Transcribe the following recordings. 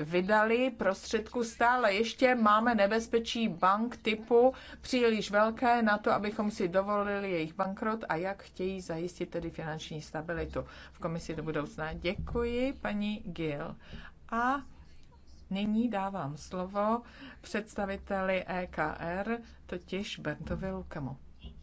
vydali prostředku stále ještě máme nebezpečí bank typu příliš velké na to, abychom si dovolili jejich bankrot a jak chtějí zajistit tedy finanční stabilitu v komisi do budoucna. Děkuji, paní Gil A nyní dávám slovo představiteli EKR, totiž Bertovi Lukamu.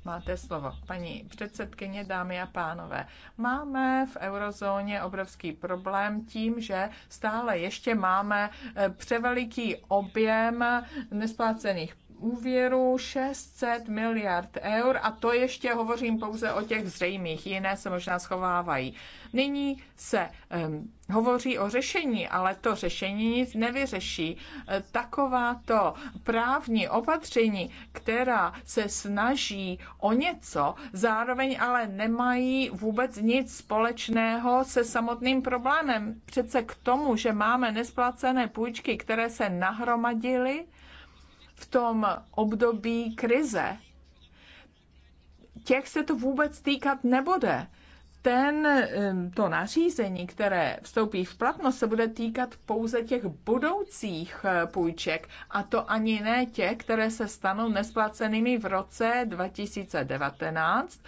Máte slovo. Paní předsedkyně, dámy a pánové, máme v eurozóně obrovský problém tím, že stále ještě máme eh, převeliký objem nesplácených úvěru 600 miliard eur a to ještě hovořím pouze o těch zřejmých, jiné se možná schovávají. Nyní se um, hovoří o řešení, ale to řešení nic nevyřeší. Takováto právní opatření, která se snaží o něco, zároveň ale nemají vůbec nic společného se samotným problémem. Přece k tomu, že máme nesplacené půjčky, které se nahromadily, v tom období krize, těch se to vůbec týkat nebude. Ten, to nařízení, které vstoupí v platnost, se bude týkat pouze těch budoucích eh, půjček, a to ani ne těch, které se stanou nesplacenými v roce 2019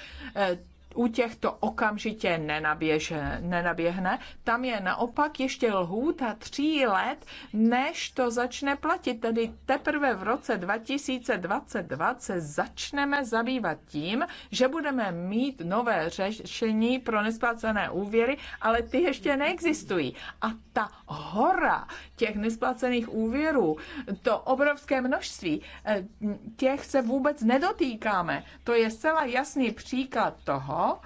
u těch to okamžitě nenaběže, nenaběhne. Tam je naopak ještě lhůta tří let, než to začne platit. Tedy teprve v roce 2022 se začneme zabývat tím, že budeme mít nové řešení pro nesplacené úvěry, ale ty ještě neexistují. A ta hora těch nesplacených úvěrů, to obrovské množství, eh, těch se vůbec nedotýkáme. To je zcela jasný příklad toho,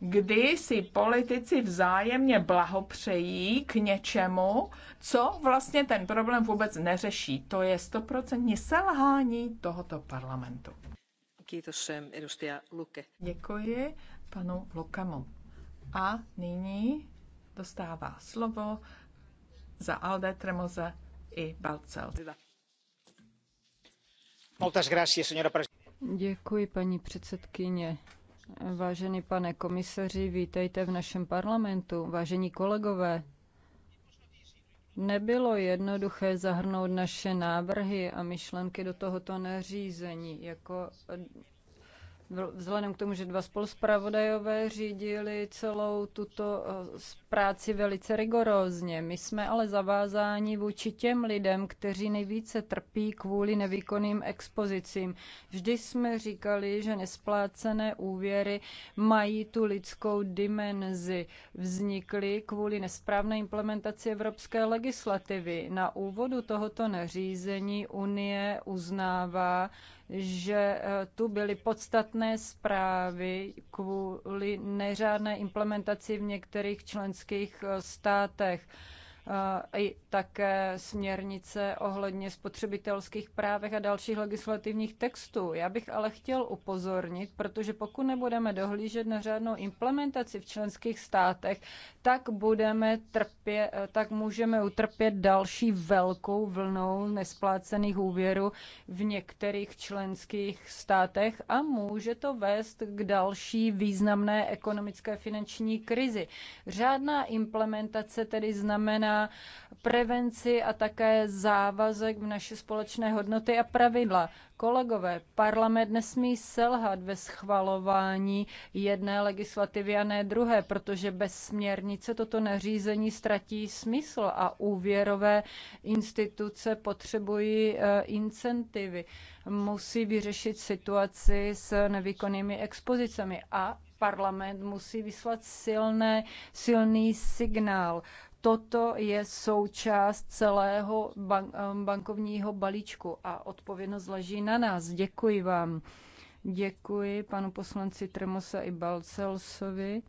kdy si politici vzájemně blahopřejí k něčemu, co vlastně ten problém vůbec neřeší. To je stoprocentní selhání tohoto parlamentu. Eh, Děkuji panu Lukemu. A nyní dostává slovo za Alde, Tremoza i Balcel. Děkuji, paní předsedkyně. Vážený pane komisaři, vítejte v našem parlamentu. Vážení kolegové, Nebylo jednoduché zahrnout naše návrhy a myšlenky do tohoto nařízení. Jako Vzhledem k tomu, že dva spoluspravodajové řídili celou tuto eh, práci velice rigorózně, my jsme ale zavázáni vůči těm lidem, kteří nejvíce trpí kvůli nevýkonným expozicím. Vždy jsme říkali, že nesplácené úvěry mají tu lidskou dimenzi. Vznikly kvůli nesprávné implementaci evropské legislativy. Na úvodu tohoto nařízení Unie uznává, že e, tu byly podstatné zprávy kvůli neřádné implementaci v některých členských e, státech i také směrnice ohledně spotřebitelských právech a dalších legislativních textů. Já bych ale chtěl upozornit, protože pokud nebudeme dohlížet na řádnou implementaci v členských státech, tak, budeme trpě, tak můžeme utrpět další velkou vlnou nesplácených úvěrů v některých členských státech a může to vést k další významné ekonomické finanční krizi. Řádná implementace tedy znamená znamená prevenci a také závazek v naše společné hodnoty a pravidla. Kolegové, parlament nesmí selhat ve schvalování jedné legislativy a ne druhé, protože bez směrnice toto nařízení ztratí smysl a úvěrové instituce potřebují e, incentivy. Musí vyřešit situaci s nevýkonnými expozicemi a parlament musí vyslat silné, silný signál toto je součást celého eh, bankovního balíčku a odpovědnost leží na nás. Děkuji vám. Děkuji panu poslanci Tremosa i Balcelsovi.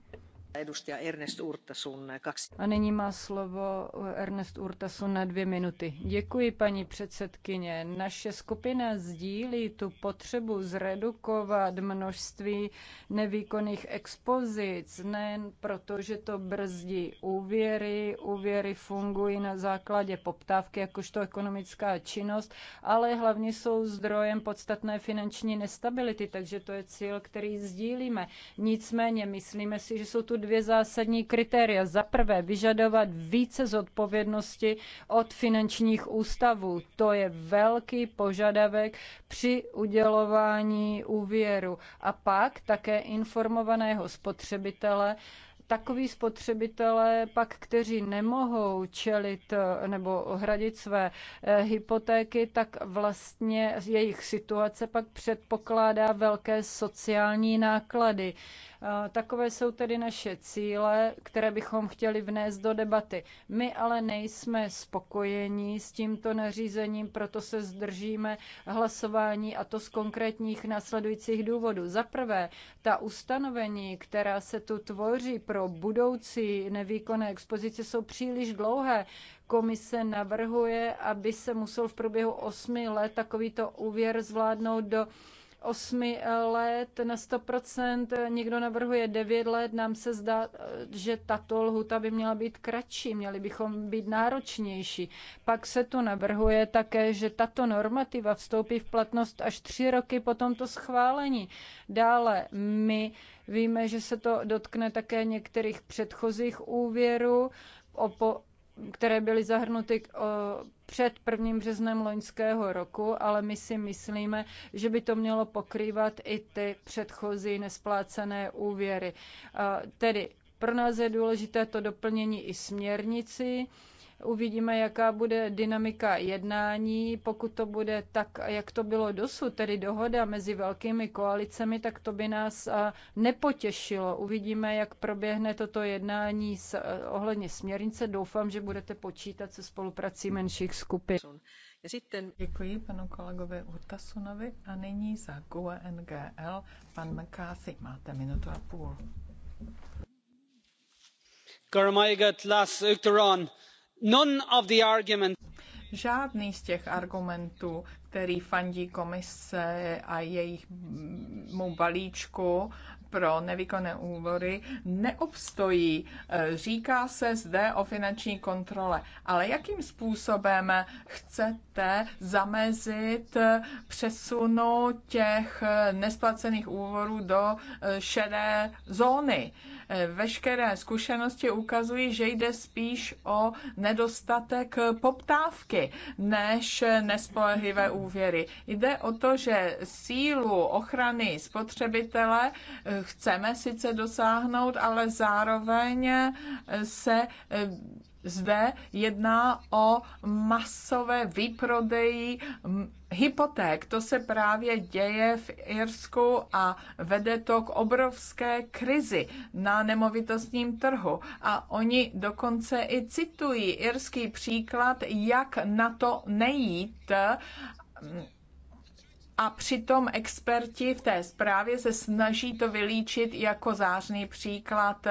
A nyní má slovo Ernest Urtasun na dvě minuty. Děkuji, paní předsedkyně. Naše skupina sdílí tu potřebu zredukovat množství nevýkonných expozic, nejen proto, že to brzdí úvěry, úvěry fungují na základě poptávky, jakožto ekonomická činnost, ale hlavně jsou zdrojem podstatné finanční nestability, takže to je cíl, který sdílíme. Nicméně myslíme si, že jsou tu dvě zásadní kritéria. Za prvé, vyžadovat více zodpovědnosti od finančních ústavů. To je velký požadavek při udělování úvěru. A pak také informovaného spotřebitele, takový spotřebitelé pak, kteří nemohou čelit eh, nebo hradit své eh, hypotéky, tak vlastně jejich situace pak předpokládá velké sociální náklady. Eh, takové jsou tedy naše cíle, které bychom chtěli vnést do debaty. My ale nejsme spokojeni s tímto nařízením, proto se zdržíme hlasování a to z konkrétních následujících důvodů. Za prvé, ta ustanovení, která se tu tvoří pro budoucí nevýkonné expozice, jsou příliš dlouhé komise navrhuje, aby se musel v průběhu osmi let takovýto úvěr zvládnout do osmi let na 100%, někdo navrhuje 9 let, nám se zdá, že tato lhuta by měla být kratší, měli bychom být náročnější. Pak se tu navrhuje také, že tato normativa vstoupí v platnost až tři roky po tomto schválení. Dále my víme, že se to dotkne také některých předchozích úvěrů, o po které byly zahrnuty před 1. březnem loňského roku, ale my si myslíme, že by to mělo pokrývat i ty předchozí nesplácené úvěry. Tedy pro nás je důležité to doplnění i směrnici, Uvidíme, jaká bude dynamika jednání. Pokud to bude tak, jak to bylo dosud, tedy dohoda mezi velkými koalicemi, tak to by nás nepotěšilo. Uvidíme, jak proběhne toto jednání s, e, ohledně směrnice. Doufám, že budete počítat se spoluprací menších skupin. Děkuji panu kolegovi Urtasunovi a nyní za GUE NGL pan McCarthy. Máte minutu a půl. Žádný z těch argumentů, který fandí komise a jejímu balíčku pro nevykonné úvory, neobstojí. Říká se zde o finanční kontrole. Ale jakým způsobem chcete zamezit přesunu těch nesplacených úvorů do šedé zóny? Veškeré zkušenosti ukazují, že jde spíš o nedostatek poptávky než nespolehlivé úvěry. Jde o to, že sílu ochrany spotřebitele chceme sice dosáhnout, ale zároveň se zde jedná o masové výprodeji hypoték. To se právě děje v Irsku a vede to k obrovské krizi na nemovitostním trhu. A oni dokonce i citují irský příklad, jak na to nejít a přitom experti v té zprávě se snaží to vylíčit jako zářný příklad,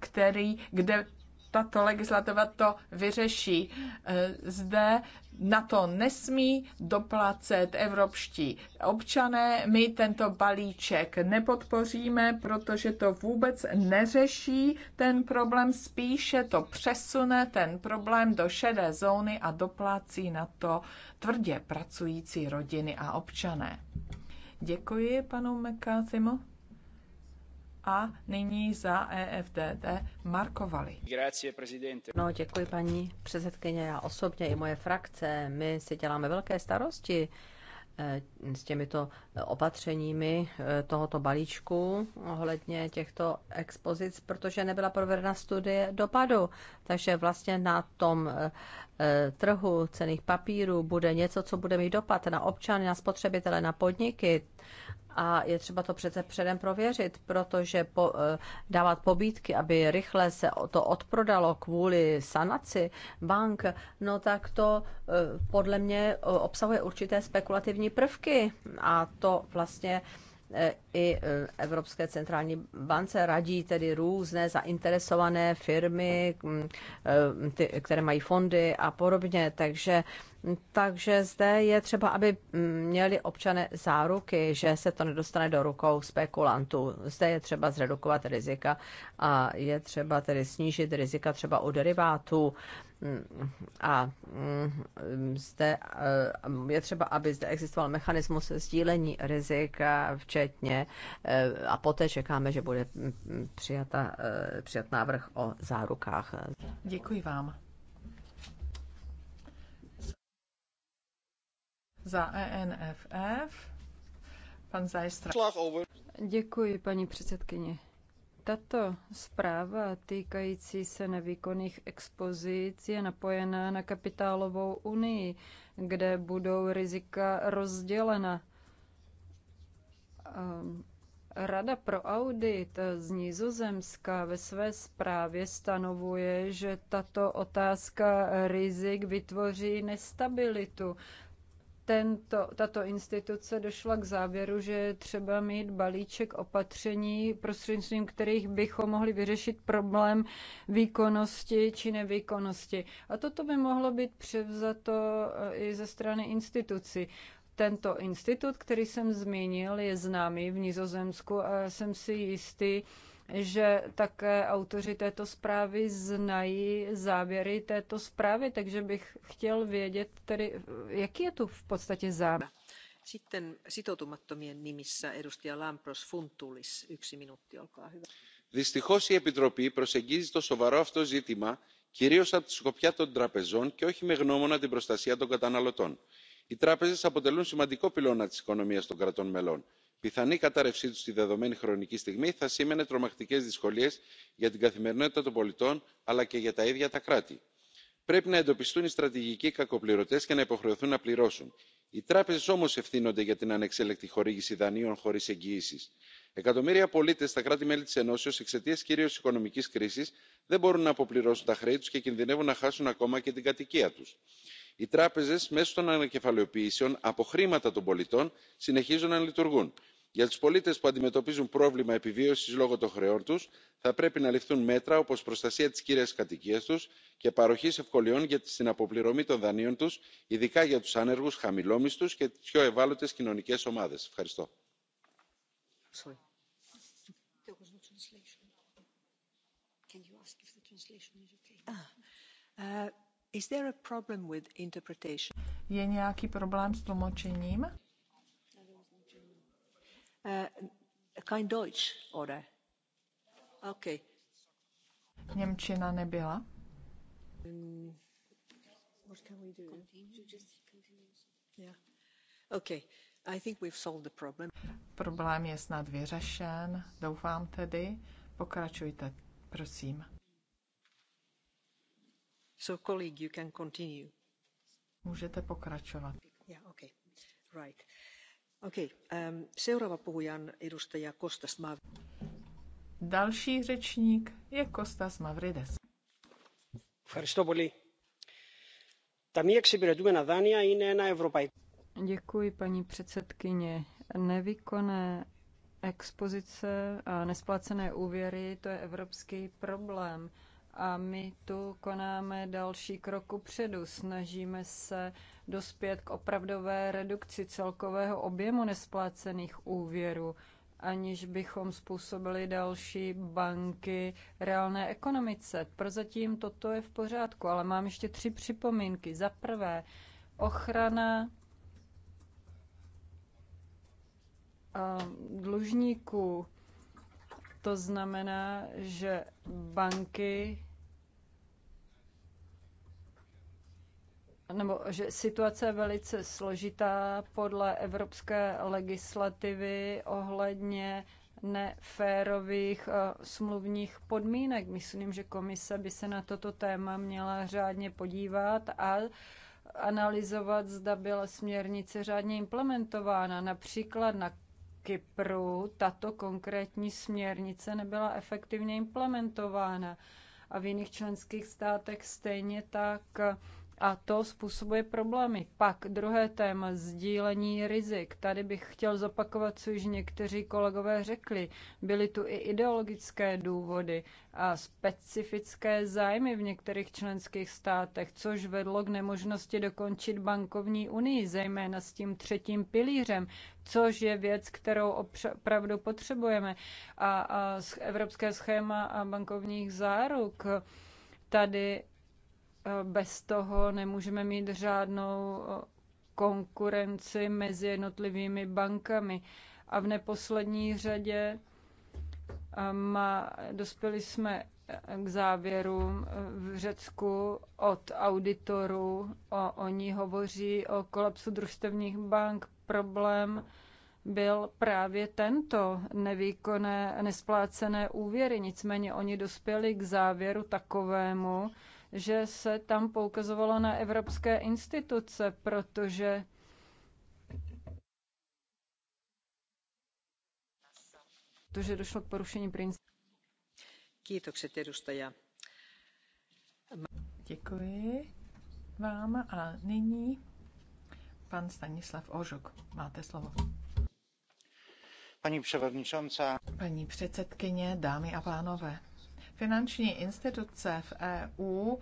který, kde tato legislativa to vyřeší. E, zde na to nesmí doplacet evropští občané. My tento balíček nepodpoříme, protože to vůbec neřeší ten problém, spíše to přesune ten problém do šedé zóny a doplácí na to tvrdě pracující rodiny a občané. Děkuji panu McCarthymu a nyní za EFDD Markovali. No, děkuji paní předsedkyně. Já osobně i moje frakce, my si děláme velké starosti eh, s těmito opatřeními eh, tohoto balíčku ohledně těchto expozic, protože nebyla provedena studie dopadu. Takže vlastně na tom eh, trhu cených papírů bude něco, co bude mít dopad na občany, na spotřebitele, na podniky a je třeba to přece předem prověřit, protože po, eh, dávat pobídky, aby rychle se to odprodalo kvůli sanaci bank, no tak to eh, podle mě eh, obsahuje určité spekulativní prvky a to vlastně i Evropské centrální bance radí tedy různé zainteresované firmy, hm, které mají fondy a podobně, takže takže zde je třeba, aby měli občané záruky, že se to nedostane do rukou spekulantů. Zde je třeba zredukovat rizika a je třeba tedy snížit rizika třeba u derivátů. A mm, zde eh, je třeba, aby zde existoval mechanismus sdílení rizik, eh, včetně, eh, a poté čekáme, že bude mm, přijata, přijat návrh o zárukách. Děkuji vám. za ENFF. Pan Zajstra. Děkuji, paní předsedkyně. Tato zpráva týkající se nevýkonných expozic je napojená na kapitálovou unii, kde budou rizika rozdělena. Ehm, Rada pro audit z Nizozemska ve své zprávě stanovuje, že tato otázka rizik vytvoří nestabilitu tento, tato instituce došla k závěru, že je třeba mít balíček opatření, prostřednictvím kterých bychom mohli vyřešit problém výkonnosti či nevýkonnosti. A toto by mohlo být převzato eh, i ze strany institucí. Tento institut, který jsem zmínil, je známý v Nizozemsku a jsem si jistý, že také autoři této zprávy znají závěry této zprávy, takže bych chtěl vědět tedy, jaký je tu v podstatě závěr. Sitten sitoutumattomien nimissä edustaja Lampros Funtulis, yksi minuutti, olkaa hyvä. Δυστυχώς η Επιτροπή προσεγγίζει το σοβαρό αυτό ζήτημα κυρίως από τη σκοπιά των τραπεζών και όχι με γνώμονα την προστασία των καταναλωτών. Οι τράπεζες αποτελούν σημαντικό πυλώνα της οικονομίας των κρατών μελών πιθανή κατάρρευσή του στη δεδομένη χρονική στιγμή θα σήμαινε τρομακτικές δυσκολίες για την καθημερινότητα των πολιτών αλλά και για τα ίδια τα κράτη. πρέπει να εντοπιστούν οι στρατηγικοί κακοπληρωτές και να υποχρεωθούν να πληρώσουν. οι τράπεζες όμως ευθύνονται για την ανεξέλεγκτη χορήγηση δανείων χωρίς εγγυήσεις. εκατομμύρια πολίτες στα κράτη μέλη της ενώσεως εξαιτίας κυρίως οικονομικής κρίσης δεν μπορούν να αποπληρώσουν τα χρέη τους και κινδυνεύουν να χάσουν ακόμα και την κατοικία τους οι τράπεζε μέσω των ανακεφαλαιοποιήσεων από χρήματα των πολιτών συνεχίζουν να λειτουργούν. για του πολίτε που αντιμετωπίζουν πρόβλημα επιβίωση λόγω των χρεών του θα πρέπει να ληφθούν μέτρα όπως προστασία τη κύρια κατοικία του και παροχή ευκολιών στην αποπληρωμή των δανείων του ειδικά για του άνεργου χαμηλόμισθου και τι πιο ευάλωτε κοινωνικέ ομάδε. ευχαριστώ. Is there a problem with interpretation? Je nějaký problém s tlumočením? Uh, kein Deutsch, oder? Okay. Němčina nebyla. Um, what can we do? Yeah. Okay. I think we've solved the problem. Problém je snad vyřešen, doufám tedy. Pokračujte, prosím. So, colleague, Můžete pokračovat. Yeah, okay. Right. Okay. Um, seuraava puhuja on edustaja Kostas Mavrides. Další řečník je Kostas Mavrides. Ευχαριστώ πολύ. Τα μη εξυπηρετούμενα δάνεια είναι ένα ευρωπαϊκό. Děkuji, paní předsedkyně. Nevykoné expozice a nesplacené úvěry, to je evropský problém. A my tu konáme další kroku předu. Snažíme se dospět k opravdové redukci celkového objemu nesplácených úvěrů, aniž bychom způsobili další banky reálné ekonomice. Prozatím toto je v pořádku, ale mám ještě tři připomínky. Za prvé, ochrana dlužníků to znamená, že banky nebo že situace je velice složitá podle evropské legislativy ohledně neférových eh, smluvních podmínek. Myslím, že komise by se na toto téma měla řádně podívat a analyzovat, zda byla směrnice řádně implementována. Například na Kypru tato konkrétní směrnice nebyla efektivně implementována a v jiných členských státech stejně tak a to způsobuje problémy. Pak druhé téma, sdílení rizik. Tady bych chtěl zopakovat, co již někteří kolegové řekli. Byly tu i ideologické důvody a specifické zájmy v některých členských státech, což vedlo k nemožnosti dokončit bankovní unii, zejména s tím třetím pilířem, což je věc, kterou opravdu potřebujeme. A, a evropské schéma a bankovních záruk tady Eh, bez toho nemůžeme mít žádnou eh, konkurenci mezi jednotlivými bankami. A v neposlední řadě eh, má, dospěli jsme k závěru v Řecku od auditorů. O, oni hovoří o kolapsu družstevních bank. Problém byl právě tento nevýkonné, nesplácené úvěry. Nicméně oni dospěli k závěru takovému, že se tam poukazovalo na evropské instituce, protože protože došlo k porušení principů. Děkuji vám a nyní pan Stanislav Ožok. Máte slovo. Paní předsedkyně, dámy a pánové, Finanční instituce v EU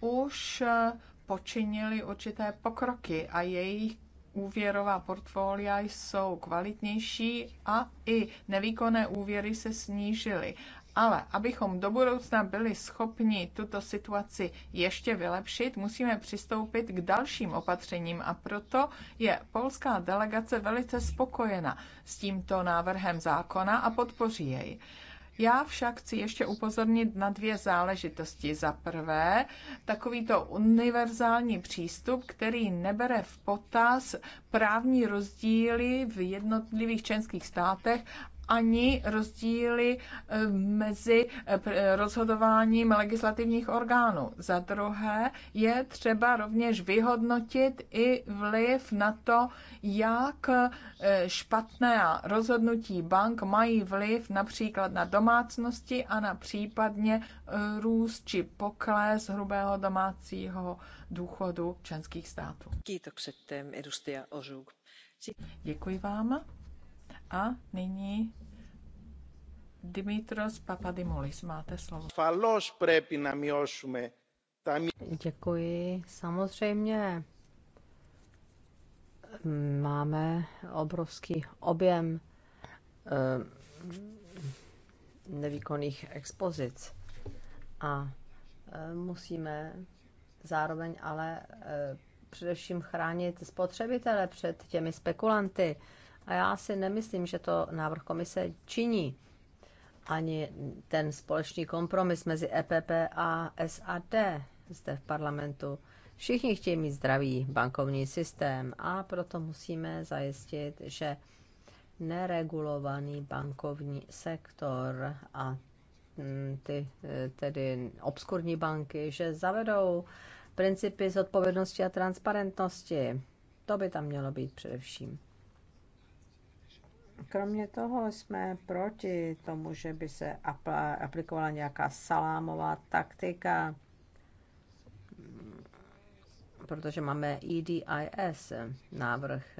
už eh, počinili určité pokroky a jejich úvěrová portfolia jsou kvalitnější a i nevýkonné úvěry se snížily. Ale abychom do budoucna byli schopni tuto situaci ještě vylepšit, musíme přistoupit k dalším opatřením a proto je polská delegace velice spokojena s tímto návrhem zákona a podpoří jej. Já však chci ještě upozornit na dvě záležitosti. Za prvé, takovýto univerzální přístup, který nebere v potaz právní rozdíly v jednotlivých členských státech ani rozdíly eh, mezi eh, eh, rozhodováním legislativních orgánů. Za druhé je třeba rovněž vyhodnotit i vliv na to, jak špatné rozhodnutí bank mají vliv například na domácnosti a na případně růst či pokles hrubého domácího důchodu členských států. Děkuji vám. A nyní Dimitros Papadimoulis máte slovo. Falos prepi na miosume. Děkuji. Samozřejmě máme obrovský objem eh, nevýkonných expozic a eh, musíme zároveň ale eh, především chránit spotřebitele před těmi spekulanty, a já si nemyslím, že to návrh komise činí. Ani ten společný kompromis mezi EPP a SAD zde v parlamentu. Všichni chtějí mít zdravý bankovní systém a proto musíme zajistit, že neregulovaný bankovní sektor a mm, ty e, tedy obskurní banky, že zavedou principy zodpovědnosti a transparentnosti. To by tam mělo být především. Kromě toho jsme proti tomu, že by se aplikovala nějaká salámová taktika, protože máme EDIS, návrh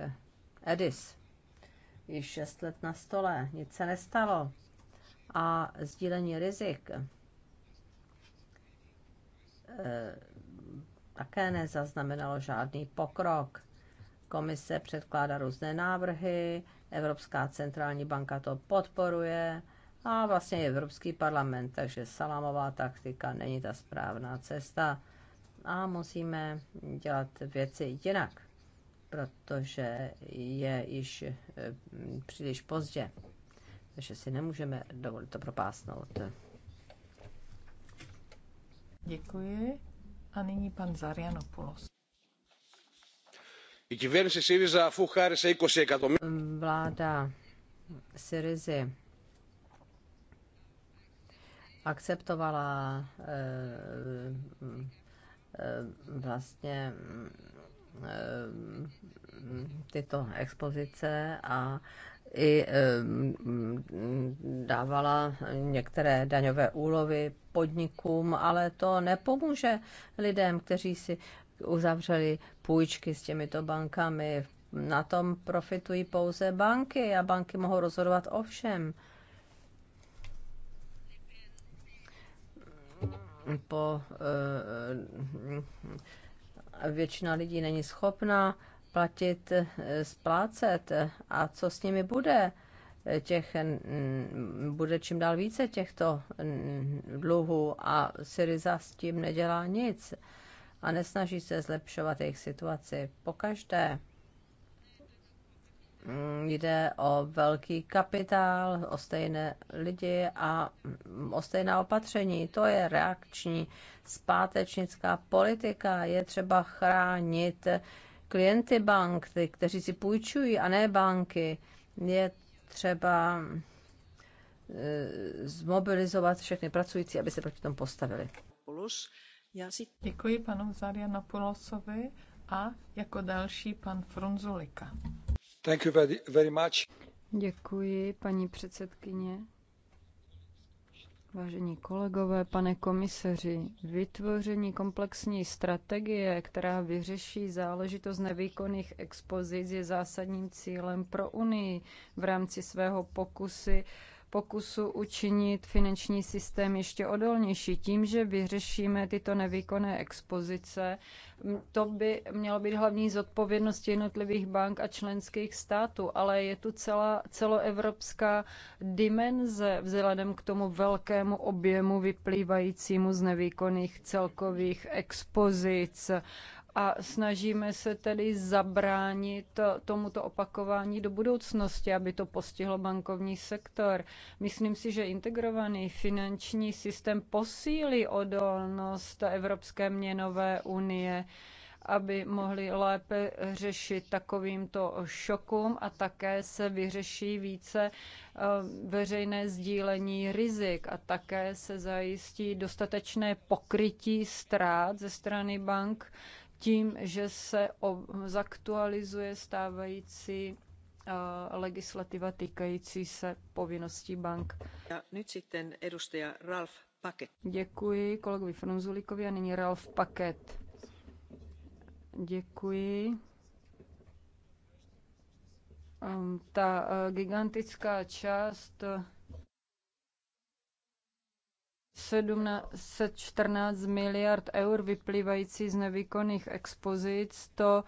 EDIS. Již šest let na stole, nic se nestalo. A sdílení rizik eh, také nezaznamenalo žádný pokrok. Komise předkládá různé návrhy, Evropská centrální banka to podporuje a vlastně i Evropský parlament, takže salámová taktika není ta správná cesta a musíme dělat věci jinak, protože je již eh, příliš pozdě, takže si nemůžeme dovolit to propásnout. Děkuji. A nyní pan Zarianopoulos. Η κυβέρνηση ΣΥΡΙΖΑ, αφού χάρισε 20 εκατομμύρια vláda Syrizy akceptovala eh, eh, vlastně eh, tyto expozice a i dávala některé daňové úlovy podnikům, ale to nepomůže lidem, kteří si uzavřeli půjčky s těmito bankami v na tom profitují pouze banky a banky mohou rozhodovat o všem. Po, e, většina lidí není schopná platit, eh, splácet. A co s nimi bude? Těch, bude čím dál více těchto dluhů a Syriza s tím nedělá nic a nesnaží se zlepšovat jejich situaci. Pokaždé Mm, jde o velký kapitál, o stejné lidi a mm, o stejná opatření. To je reakční zpátečnická politika. Je třeba chránit klienty bank, ty, kteří si půjčují, a ne banky. Je třeba e, zmobilizovat všechny pracující, aby se proti tomu postavili. Děkuji panu Zarianopoulosovi a jako další pan Frunzulika. Thank you very, very much. Děkuji, paní předsedkyně. Vážení kolegové, pane komisaři, vytvoření komplexní strategie, která vyřeší záležitost nevýkonných expozic, je zásadním cílem pro Unii v rámci svého pokusy pokusu učinit finanční systém ještě odolnější tím, že vyřešíme tyto nevýkonné expozice. To by mělo být hlavní zodpovědnost jednotlivých bank a členských států, ale je tu celá celoevropská dimenze vzhledem k tomu velkému objemu vyplývajícímu z nevýkonných celkových expozic a snažíme se tedy zabránit tomuto opakování do budoucnosti, aby to postihlo bankovní sektor. Myslím si, že integrovaný finanční systém posílí odolnost Evropské měnové unie aby mohli lépe řešit takovýmto šokům a také se vyřeší více eh, veřejné sdílení rizik a také se zajistí dostatečné pokrytí ztrát ze strany bank tím, že se zaktualizuje stávající eh, legislativa týkající se povinností bank. Ja, nyt edustaja Ralf Paket. Děkuji kolegovi Frunzulíkovi a nyní Ralf Paket. Děkuji. Ehm, ta eh, gigantická část 714 miliard eur vyplývající z nevýkonných expozic, to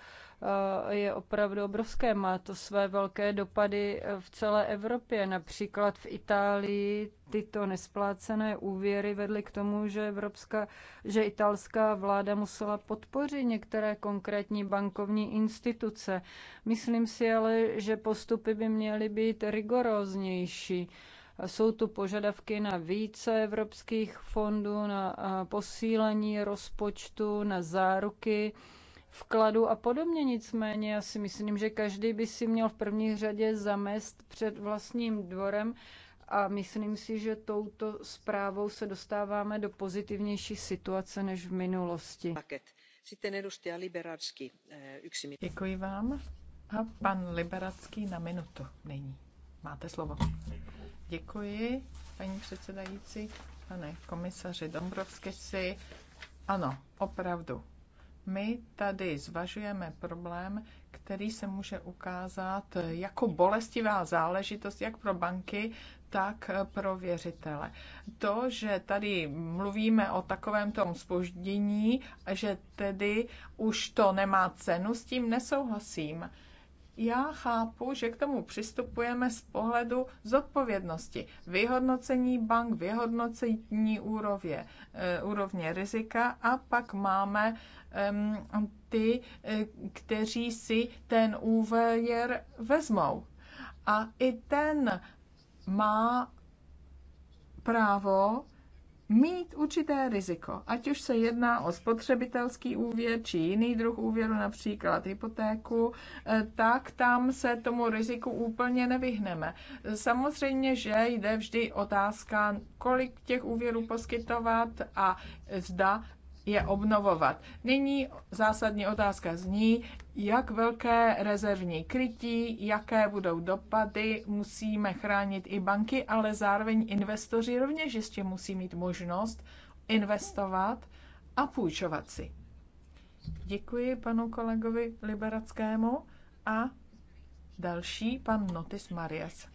eh, je opravdu obrovské. Má to své velké dopady eh, v celé Evropě. Například v Itálii tyto nesplácené úvěry vedly k tomu, že, evropská, že italská vláda musela podpořit některé konkrétní bankovní instituce. Myslím si ale, že postupy by měly být rigoróznější. Jsou tu požadavky na více evropských fondů, na posílení rozpočtu, na záruky vkladu a podobně. Nicméně já si myslím, že každý by si měl v první řadě zamest před vlastním dvorem a myslím si, že touto zprávou se dostáváme do pozitivnější situace než v minulosti. Eh, Děkuji vám. A pan Liberacký na minutu nyní. Máte slovo. Děkuji, paní předsedající, pane komisaři Dombrovsky Ano, opravdu. My tady zvažujeme problém, který se může ukázat jako bolestivá záležitost jak pro banky, tak pro věřitele. To, že tady mluvíme o takovém tom spoždění, že tedy už to nemá cenu, s tím nesouhlasím já chápu, že k tomu přistupujeme z pohledu zodpovědnosti. Vyhodnocení bank, vyhodnocení úrovně, eh, úrovně rizika a pak máme ty, eh, kteří si ten úvěr vezmou. A i ten má právo mít určité riziko, ať už se jedná o spotřebitelský úvěr či jiný druh úvěru, například hypotéku, eh, tak tam se tomu riziku úplně nevyhneme. Samozřejmě, že jde vždy otázka, kolik těch úvěrů poskytovat a zda je obnovovat. Nyní zásadní otázka zní, jak velké rezervní krytí, jaké budou dopady, musíme chránit i banky, ale zároveň investoři rovněž ještě musí mít možnost investovat a půjčovat si. Děkuji panu kolegovi Liberackému a další pan Notis Marias.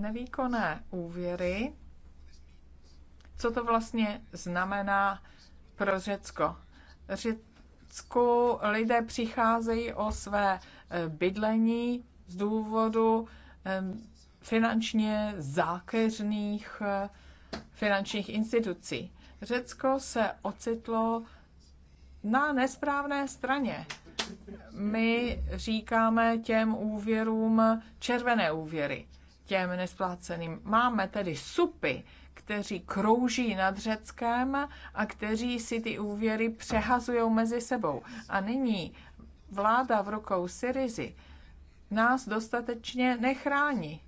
Nevýkonné úvěry, co to vlastně znamená pro Řecko? Řecku lidé přicházejí o své eh, bydlení z důvodu eh, finančně zákeřných eh, finančních institucí. Řecko se ocitlo na nesprávné straně. My říkáme těm úvěrům červené úvěry těm nespláceným. Máme tedy supy, kteří krouží nad Řeckem a kteří si ty úvěry přehazují mezi sebou. A nyní vláda v rukou Syrizy nás dostatečně nechrání.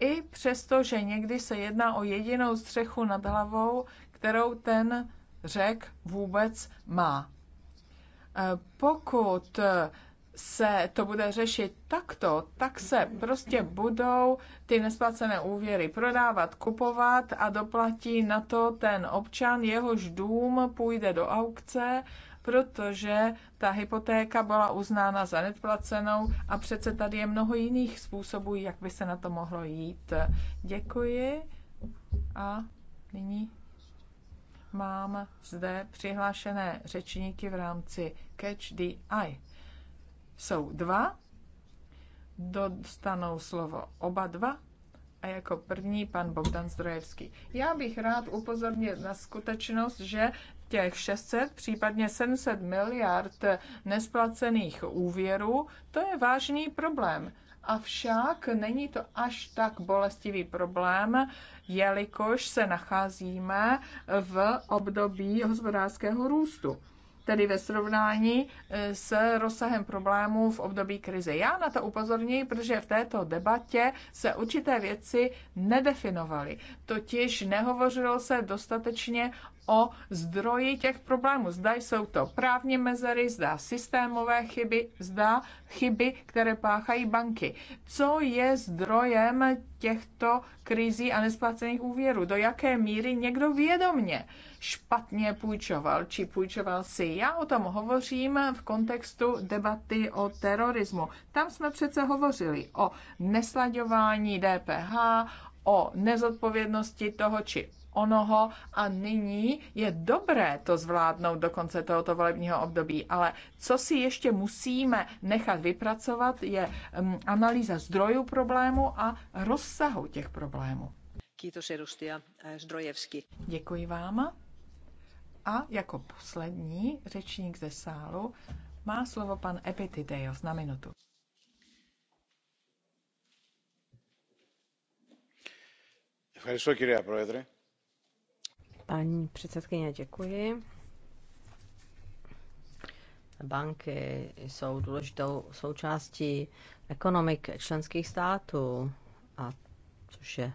I přesto, že někdy se jedná o jedinou střechu nad hlavou, kterou ten řek vůbec má. E, pokud se to bude řešit takto, tak se prostě budou ty nesplacené úvěry prodávat, kupovat a doplatí na to ten občan, jehož dům půjde do aukce, protože ta hypotéka byla uznána za nedplacenou a přece tady je mnoho jiných způsobů, jak by se na to mohlo jít. Děkuji a nyní mám zde přihlášené řečníky v rámci Catch the Eye jsou dva, dostanou slovo oba dva a jako první pan Bogdan Zdrojevský. Já bych rád upozornil na skutečnost, že těch 600, případně 700 miliard nesplacených úvěrů, to je vážný problém. Avšak není to až tak bolestivý problém, jelikož se nacházíme v období hospodářského růstu tedy ve srovnání e, s rozsahem problémů v období krize. Já na to upozorňuji, protože v této debatě se určité věci nedefinovaly, totiž nehovořilo se dostatečně o zdroji těch problémů. Zda jsou to právní mezery, zda systémové chyby, zda chyby, které páchají banky. Co je zdrojem těchto krizí a nesplacených úvěrů? Do jaké míry někdo vědomně špatně půjčoval, či půjčoval si. Já o tom hovořím v kontextu debaty o terorismu. Tam jsme přece hovořili o neslaďování DPH, o nezodpovědnosti toho či onoho a nyní je dobré to zvládnout do konce tohoto volebního období, ale co si ještě musíme nechat vypracovat je mm, analýza zdrojů problému a rozsahu těch problémů. Kýtos, Erustia Zdrojevský. Děkuji vám. A jako poslední řečník ze sálu má slovo pan Epitideos na minutu. Děkuji, pane Paní předsedkyně, děkuji. Banky jsou důležitou součástí ekonomik členských států, a což je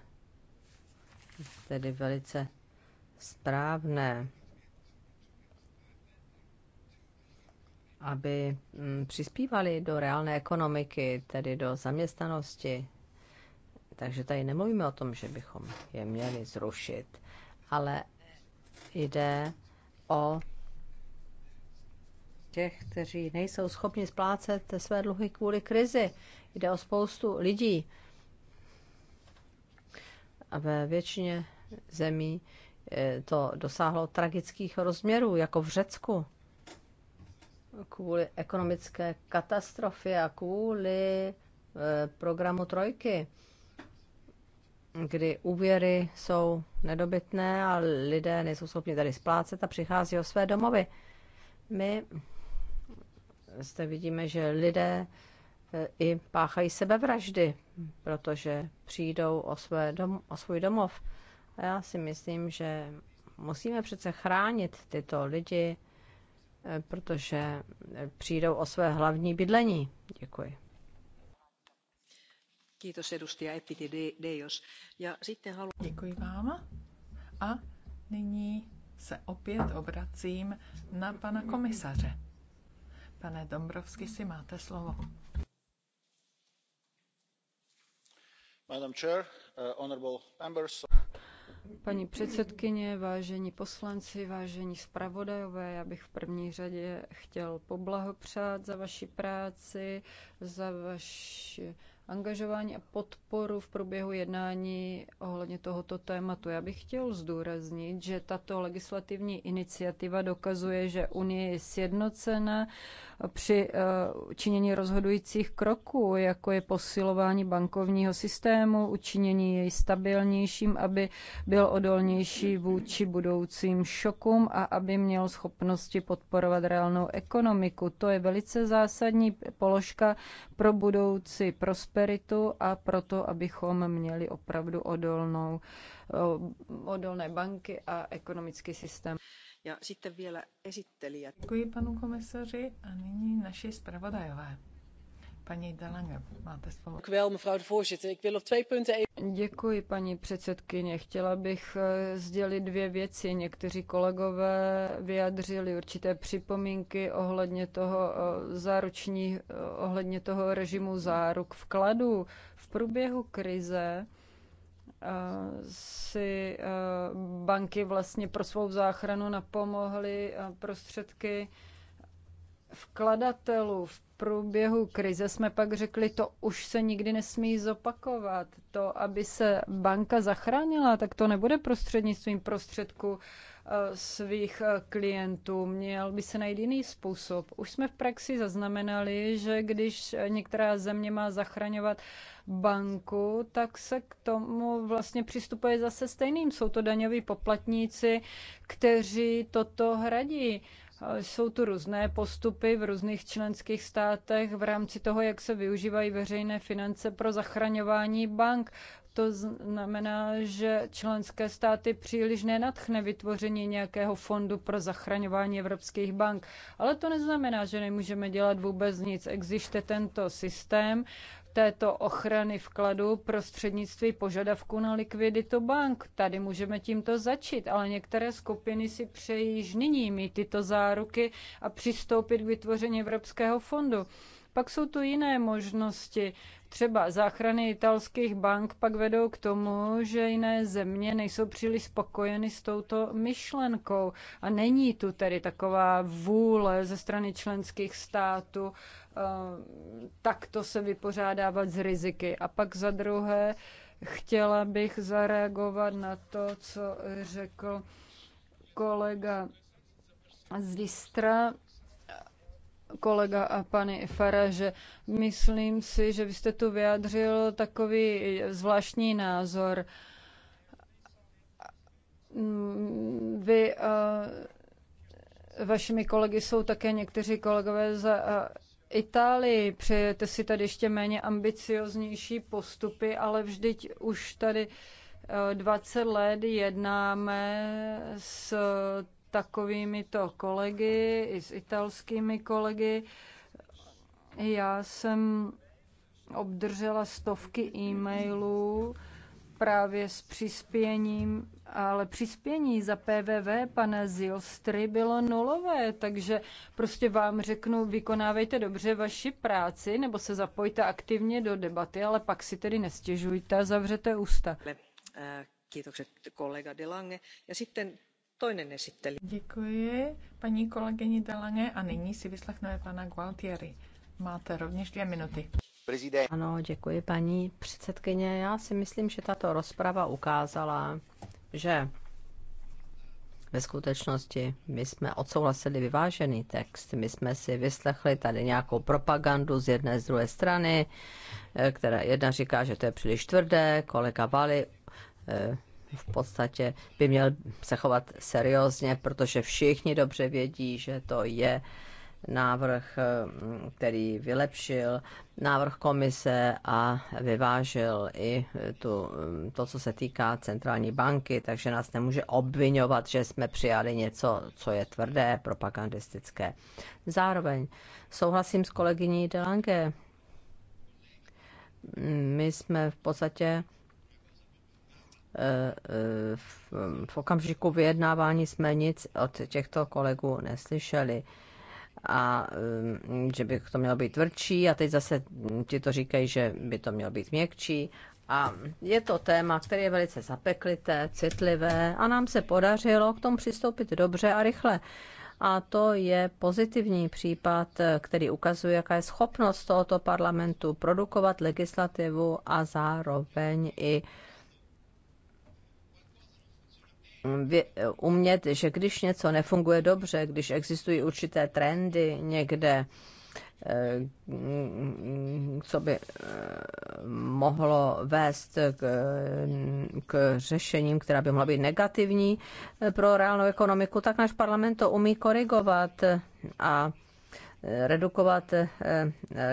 tedy velice správné, aby mm, přispívali do reálné ekonomiky, tedy do zaměstnanosti. Takže tady nemluvíme o tom, že bychom je měli zrušit, ale jde o těch, kteří nejsou schopni splácet své dluhy kvůli krizi. Jde o spoustu lidí. A ve většině zemí eh, to dosáhlo tragických rozměrů, jako v Řecku. Kvůli ekonomické katastrofě a kvůli eh, programu Trojky kdy úvěry jsou nedobytné a lidé nejsou schopni tady splácet a přichází o své domovy. My zde vidíme, že lidé eh, i páchají sebevraždy, protože přijdou o, své dom, o svůj domov. A já si myslím, že musíme přece chránit tyto lidi, eh, protože přijdou o své hlavní bydlení. Děkuji. Děkuji vám. A nyní se opět obracím na pana komisaře. Pane Dombrovský, si máte slovo. Uh, Paní předsedkyně, vážení poslanci, vážení zpravodajové, já bych v první řadě chtěl poblahopřát za vaši práci, za vaši angažování a podporu v průběhu jednání ohledně tohoto tématu. Já bych chtěl zdůraznit, že tato legislativní iniciativa dokazuje, že Unie je sjednocena při eh, činění rozhodujících kroků, jako je posilování bankovního systému, učinění jej stabilnějším, aby byl odolnější vůči budoucím šokům a aby měl schopnosti podporovat reálnou ekonomiku. To je velice zásadní položka pro budoucí prosperitu prosperitu a proto, abychom měli opravdu odolnou, eh, odolné banky a ekonomický systém. Já sitten vielä Děkuji panu komisaři a nyní naši zpravodajové. Paní Delange, máte slovo. Děkuji, paní předsedkyně. Chtěla bych eh, sdělit dvě věci. Někteří kolegové vyjadřili určité připomínky ohledně toho eh, záruční, eh, ohledně toho režimu záruk vkladů. V průběhu krize si banky vlastně pro svou záchranu napomohly prostředky vkladatelů v průběhu krize jsme pak řekli, to už se nikdy nesmí zopakovat. To, aby se banka zachránila, tak to nebude prostřednictvím prostředku eh, svých eh, klientů. Měl by se najít jiný způsob. Už jsme v praxi zaznamenali, že když některá země má zachraňovat banku, tak se k tomu vlastně přistupuje zase stejným. Jsou to daňoví poplatníci, kteří toto hradí. Jsou tu různé postupy v různých členských státech v rámci toho, jak se využívají veřejné finance pro zachraňování bank. To znamená, že členské státy příliš nenatchne vytvoření nějakého fondu pro zachraňování evropských bank. Ale to neznamená, že nemůžeme dělat vůbec nic. Existuje tento systém, této ochrany vkladu prostřednictví požadavku na likviditu bank. Tady můžeme tímto začít, ale některé skupiny si přejí již nyní mít tyto záruky a přistoupit k vytvoření Evropského fondu. Pak jsou tu jiné možnosti. Třeba záchrany italských bank pak vedou k tomu, že jiné země nejsou příliš spokojeny s touto myšlenkou. A není tu tedy taková vůle ze strany členských států Eh, takto se vypořádávat s riziky. A pak za druhé, chtěla bych zareagovat na to, co řekl kolega z Distra, kolega a pany že Myslím si, že vy jste tu vyjádřil takový zvláštní názor. Mm, vy vašimi kolegy jsou také někteří kolegové za Itálii. Přejete si tady ještě méně ambicioznější postupy, ale vždyť už tady 20 eh, let jednáme s takovými to kolegy, i s italskými kolegy. Já jsem obdržela stovky e-mailů právě s přispěním ale přispění za PVV pana Zilstry bylo nulové, takže prostě vám řeknu, vykonávejte dobře vaši práci nebo se zapojte aktivně do debaty, ale pak si tedy nestěžujte a zavřete ústa. Eh, kiitokset kollega De Lange. Ja sitten toinen esitteli. Děkuji paní kolegyni De Lange a nyní si vyslechneme pana Gualtieri. Máte rovněž dvě minuty. Prezident. Ano, děkuji paní předsedkyně. Já si myslím, že tato rozprava ukázala, že ve skutečnosti my jsme odsouhlasili vyvážený text. My jsme si vyslechli tady nějakou propagandu z jedné z druhé strany, eh, která jedna říká, že to je příliš tvrdé, kolega Vali eh, v podstatě by měl se chovat seriózně, protože všichni dobře vědí, že to je návrh, eh, který vylepšil návrh komise a vyvážil i eh, tu, mm, to, co se týká centrální banky, takže nás nemůže obvinovat, že jsme přijali něco, co je tvrdé, propagandistické. Zároveň souhlasím s kolegyní Delange. Mm, my jsme v podstatě eh, v, okamžiku vyjednávání jsme nic od těchto kolegů neslyšeli a um, že by to mělo být tvrdší a teď zase ti to říkají, že by to mělo být měkčí. A je to téma, které je velice zapeklité, citlivé a nám se podařilo k tomu přistoupit dobře a rychle. A to je pozitivní případ, který ukazuje, jaká je schopnost tohoto parlamentu produkovat legislativu a zároveň i uh, umět, že když něco nefunguje dobře, když existují určité trendy někde, eh, co by eh, mohlo vést k, k řešením, která by mohla být negativní eh, pro reálnou ekonomiku, tak náš parlament to umí korigovat a Eh, redukovat eh,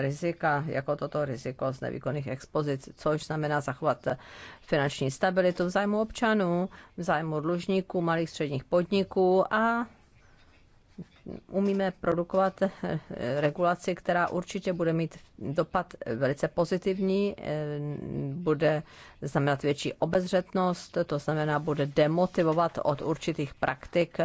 rizika, jako toto riziko z nevýkonných expozic, což znamená zachovat eh, finanční stabilitu v zájmu občanů, v zájmu dlužníků, malých středních podniků a umíme produkovat regulaci, která určitě bude mít dopad velice pozitivní, bude znamenat větší obezřetnost, to znamená, bude demotivovat od určitých praktik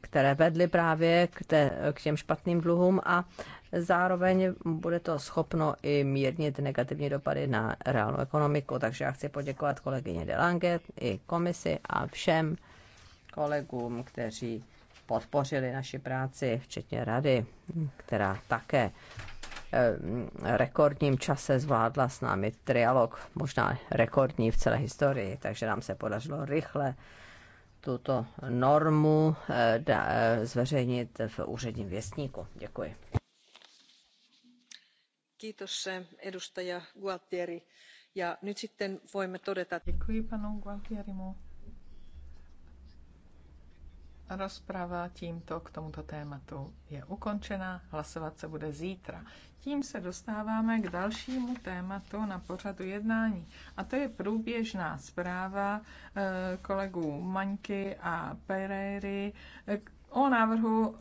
které vedly právě k, te, k těm špatným dluhům a zároveň bude to schopno i mírnit negativní dopady na reálnou ekonomiku. Takže já chci poděkovat kolegyně Delange i komisi a všem kolegům, kteří podpořili naši práci, včetně rady, která také eh, rekordním čase zvládla s námi trialog, možná rekordní v celé historii, takže nám se podařilo rychle tuto normu eh, eh, zveřejnit v úředním věstníku. Děkuji. Kiitos eh, edustaja Gualtieri. Ja nyt sitten voimme todeta... Děkuji panu Gualtierimu. Rozprava tímto k tomuto tématu je ukončena, hlasovat se bude zítra. Tím se dostáváme k dalšímu tématu na pořadu jednání. A to je průběžná zpráva eh, kolegů Maňky a Pereiry eh, o návrhu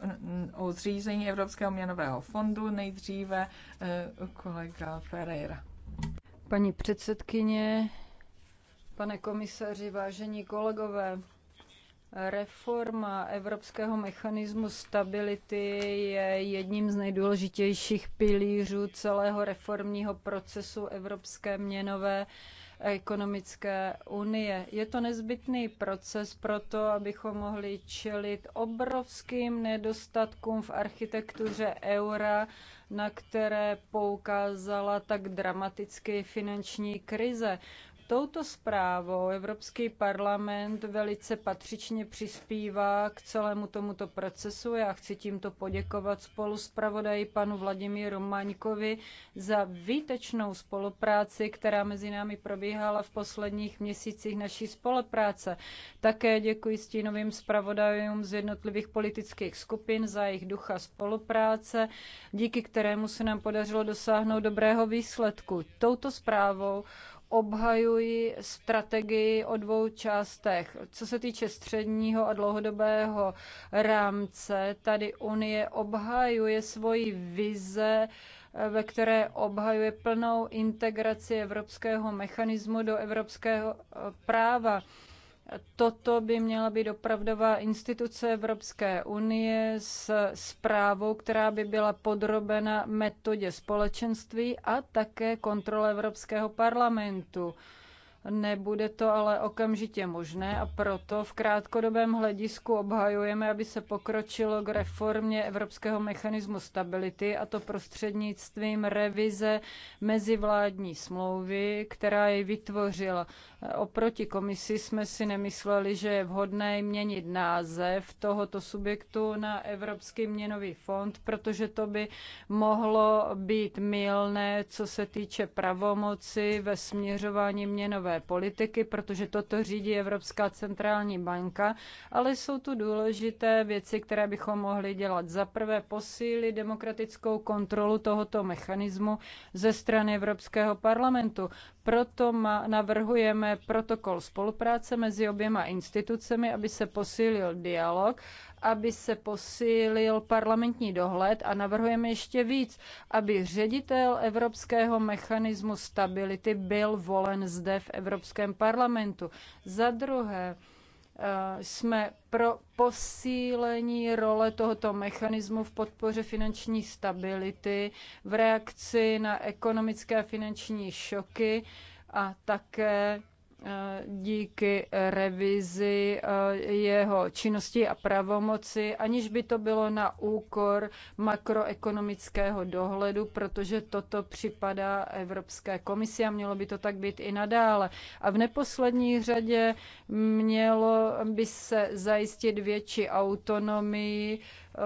o zřízení Evropského měnového fondu, nejdříve eh, kolega Pereira. Paní předsedkyně, pane komisaři, vážení kolegové, Reforma Evropského mechanismu stability je jedním z nejdůležitějších pilířů celého reformního procesu Evropské měnové ekonomické unie. Je to nezbytný proces pro to, abychom mohli čelit obrovským nedostatkům v architektuře eura, na které poukázala tak dramaticky finanční krize. Touto zprávou Evropský parlament velice patřičně přispívá k celému tomuto procesu. Já chci tímto poděkovat spolu s pravodají panu Vladimíru Maňkovi za výtečnou spolupráci, která mezi námi probíhala v posledních měsících naší spolupráce. Také děkuji stínovým zpravodajům z jednotlivých politických skupin za jejich ducha spolupráce, díky kterému se nám podařilo dosáhnout dobrého výsledku. Touto zprávou obhajuji strategii o dvou částech. Co se týče středního a dlouhodobého rámce, tady Unie obhajuje svoji vize ve které obhajuje plnou integraci evropského mechanismu do evropského práva. Toto by měla být opravdová instituce Evropské unie s zprávou, která by byla podrobena metodě společenství a také kontrole Evropského parlamentu. Nebude to ale okamžitě možné a proto v krátkodobém hledisku obhajujeme, aby se pokročilo k reformě Evropského mechanismu stability a to prostřednictvím revize mezivládní smlouvy, která jej vytvořila. Oproti komisi jsme si nemysleli, že je vhodné měnit název tohoto subjektu na Evropský měnový fond, protože to by mohlo být mylné, co se týče pravomoci ve směřování měnové měnové politiky, protože toto řídí Evropská centrální banka, ale jsou tu důležité věci, které bychom mohli dělat. Za prvé posíli demokratickou kontrolu tohoto mechanismu ze strany Evropského parlamentu. Proto navrhujeme protokol spolupráce mezi oběma institucemi, aby se posílil dialog aby se posílil parlamentní dohled a navrhujeme ještě víc, aby ředitel Evropského mechanismu stability byl volen zde v Evropském parlamentu. Za druhé, eh, jsme pro posílení role tohoto mechanismu v podpoře finanční stability, v reakci na ekonomické a finanční šoky a také díky revizi eh, jeho činnosti a pravomoci, aniž by to bylo na úkor makroekonomického dohledu, protože toto připadá Evropské komisi a mělo by to tak být i nadále. A v neposlední řadě mělo by se zajistit větší autonomii eh,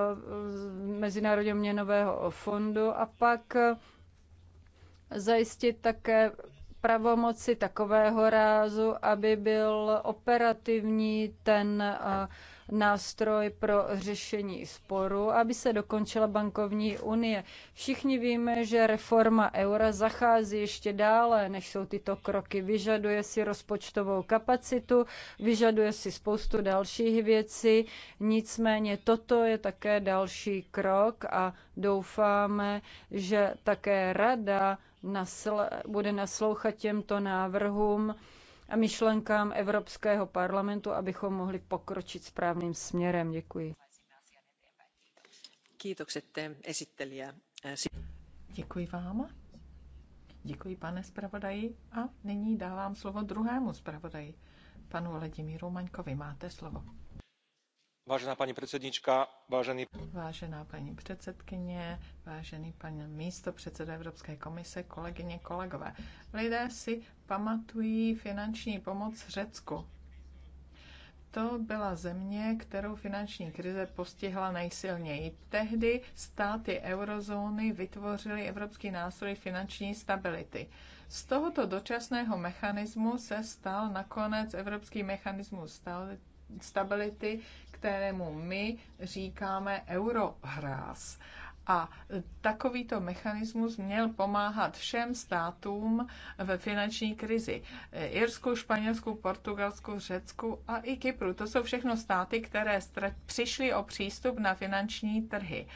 Mezinárodního měnového fondu a pak zajistit také pravomoci takového rázu, aby byl operativní ten nástroj pro řešení sporu, aby se dokončila bankovní unie. Všichni víme, že reforma eura zachází ještě dále, než jsou tyto kroky. Vyžaduje si rozpočtovou kapacitu, vyžaduje si spoustu dalších věcí, nicméně toto je také další krok a doufáme, že také rada nasl- bude naslouchat těmto návrhům a myšlenkám Evropského parlamentu, abychom mohli pokročit správným směrem. Děkuji. Eh, eh, Děkuji vám. Děkuji, pane zpravodaji. A nyní dávám slovo druhému zpravodaji, panu Vladimíru Maňkovi. Máte slovo. Vážená paní předsednička, vážený... Vážená paní předsedkyně, vážený pane místo předseda Evropské komise, kolegyně, kolegové. Lidé si pamatují finanční pomoc Řecku. To byla země, kterou finanční krize postihla nejsilněji. Tehdy státy eurozóny vytvořily Evropský nástroj finanční stability. Z tohoto dočasného mechanismu se stal nakonec Evropský mechanismus stability stability, kterému my říkáme eurohráz. A takovýto mechanismus měl pomáhat všem státům ve finanční krizi. Irsku, Španělsku, Portugalsku, Řecku a i Kypru. To jsou všechno státy, které přišly o přístup na finanční trhy.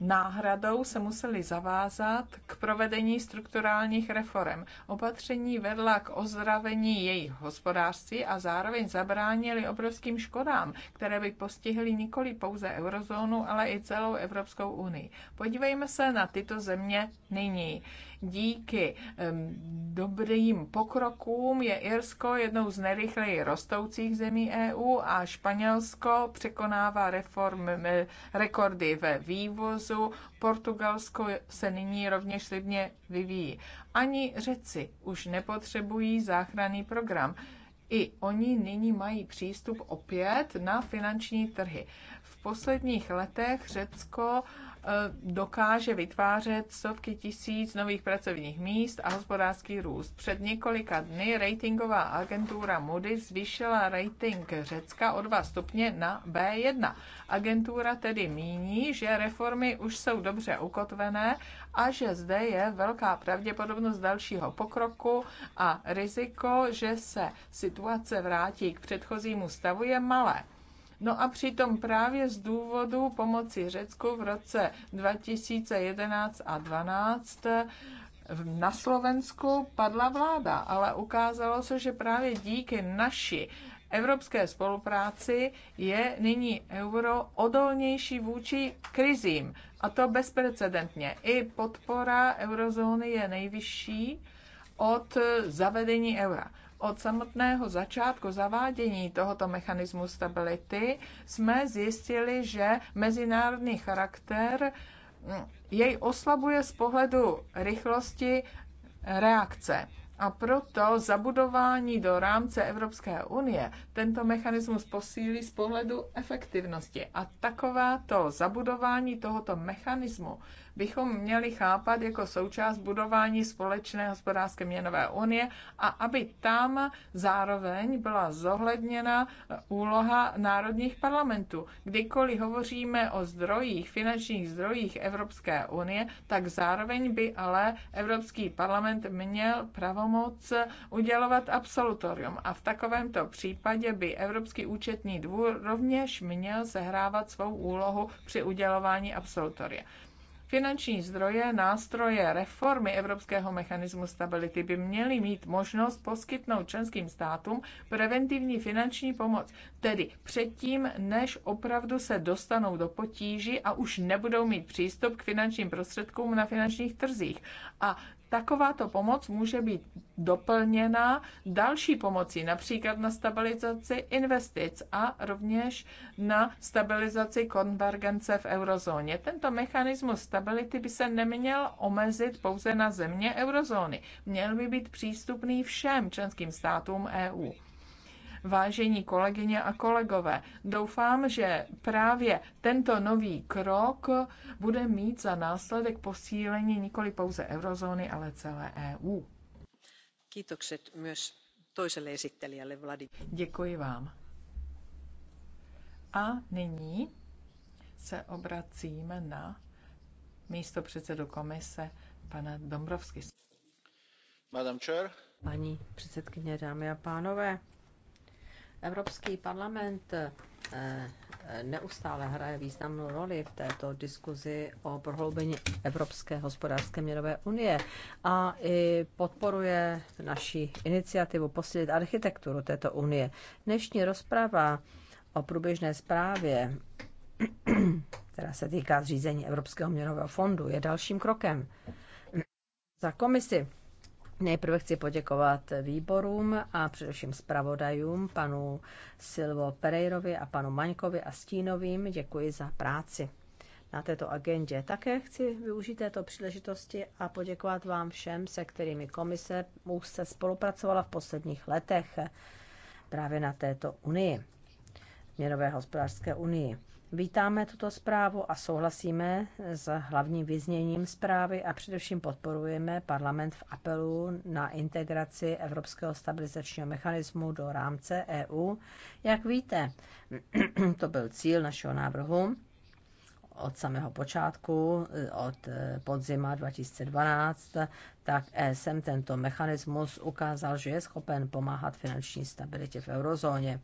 Náhradou se museli zavázat k provedení strukturálních reform. Opatření vedla k ozdravení jejich hospodářství a zároveň zabránili obrovským škodám, které by postihly nikoli pouze eurozónu, ale i celou Evropskou unii unii. Podívejme se na tyto země nyní. Díky um, dobrým pokrokům je Irsko jednou z nejrychleji rostoucích zemí EU a Španělsko překonává reform, rekordy ve vývozu. Portugalsko se nyní rovněž slibně vyvíjí. Ani Řeci už nepotřebují záchranný program. I oni nyní mají přístup opět na finanční trhy. V posledních letech Řecko Eh, dokáže vytvářet stovky tisíc nových pracovních míst a hospodářský růst. Před několika dny ratingová agentura Moody's zvýšila rating Řecka o dva stupně na B1. Agentura tedy míní, že reformy už jsou dobře ukotvené a že zde je velká pravděpodobnost dalšího pokroku a riziko, že se situace vrátí k předchozímu stavu je malé. No a přitom právě z důvodu pomoci Řecku v roce 2011 a 2012 na Slovensku padla vláda, ale ukázalo se, že právě díky naší evropské spolupráci je nyní euro odolnější vůči krizím. A to bezprecedentně. I podpora eurozóny je nejvyšší od zavedení eura. Od samotného začátku zavádění tohoto mechanismu stability jsme zjistili, že mezinárodní charakter mm, jej oslabuje z pohledu rychlosti reakce. A proto zabudování do rámce Evropské unie tento mechanismus posílí z pohledu efektivnosti. A takováto zabudování tohoto mechanismu bychom měli chápat jako součást budování společné hospodářské měnové unie a aby tam zároveň byla zohledněna úloha národních parlamentů. Kdykoliv hovoříme o zdrojích, finančních zdrojích Evropské unie, tak zároveň by ale Evropský parlament měl pravomoc udělovat absolutorium. A v takovémto případě by Evropský účetní dvůr rovněž měl sehrávat svou úlohu při udělování absolutoria. Finanční zdroje, nástroje reformy Evropského mechanismu stability by měly mít možnost poskytnout členským státům preventivní finanční pomoc, tedy předtím, než opravdu se dostanou do potíží a už nebudou mít přístup k finančním prostředkům na finančních trzích. A Takováto pomoc může být doplněna další pomocí, například na stabilizaci investic a rovněž na stabilizaci konvergence v eurozóně. Tento mechanismus stability by se neměl omezit pouze na země eurozóny. Měl by být přístupný všem členským státům EU. Vážení kolegyně a kolegové, doufám, že právě tento nový krok bude mít za následek posílení nikoli pouze eurozóny, ale celé EU. Děkuji vám. A nyní se obracíme na místo předsedu komise pana Dombrovskis. Madam Chair. Paní předsedkyně, dámy a pánové, Evropský parlament eh, eh, neustále hraje významnou roli v této diskuzi o prohloubení Evropské hospodářské měnové unie a i podporuje naši iniciativu posílit architekturu této unie. Dnešní rozprava o průběžné zprávě, která se týká zřízení Evropského měnového fondu, je dalším krokem. Za komisi Nejprve chci poděkovat výborům a především zpravodajům, panu Silvo Pereirovi a panu Maňkovi a Stínovým. Děkuji za práci na této agendě. Také chci využít této příležitosti a poděkovat vám všem, se kterými komise se spolupracovala v posledních letech právě na této unii, měnové hospodářské unii. Vítáme tuto zprávu a souhlasíme s hlavním vyzněním zprávy a především podporujeme parlament v apelu na integraci Evropského stabilizačního mechanismu do rámce EU. Jak víte, to byl cíl našeho návrhu od samého počátku, od podzima 2012, tak ESM tento mechanismus ukázal, že je schopen pomáhat finanční stabilitě v eurozóně.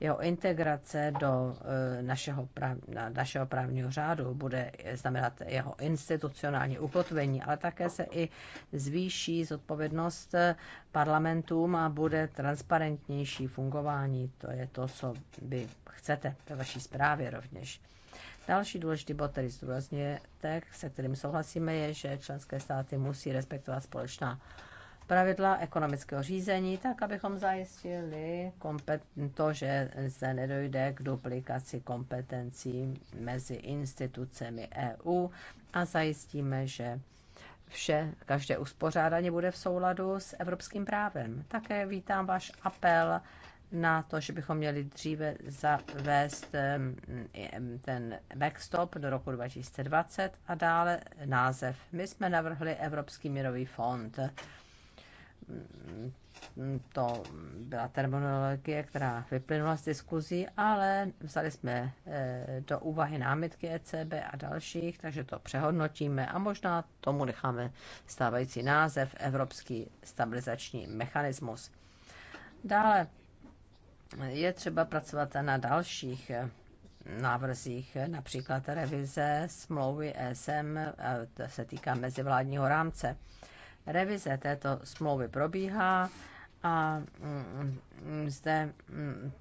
Jeho integrace do eh, našeho, práv, našeho právního řádu bude znamenat jeho institucionální ukotvení, ale také se i zvýší zodpovědnost eh, parlamentům a bude transparentnější fungování. To je to, co vy chcete ve vaší zprávě rovněž. Další důležitý bod, který zdůrazňuje se kterým souhlasíme, je, že členské státy musí respektovat společná pravidla ekonomického řízení, tak abychom zajistili to, že se nedojde k duplikaci kompetencí mezi institucemi EU a zajistíme, že vše, každé uspořádání bude v souladu s evropským právem. Také vítám váš apel na to, že bychom měli dříve zavést ten backstop do roku 2020 a dále název. My jsme navrhli Evropský mírový fond Mm, to byla terminologie, která vyplynula z diskuzí, ale vzali jsme eh, do úvahy námitky ECB a dalších, takže to přehodnotíme a možná tomu necháme stávající název Evropský stabilizační mechanismus. Dále je třeba pracovat na dalších eh, návrzích, například revize smlouvy ESM, eh, se týká mezivládního rámce. Revize této smlouvy probíhá a mm, mm, zde mm,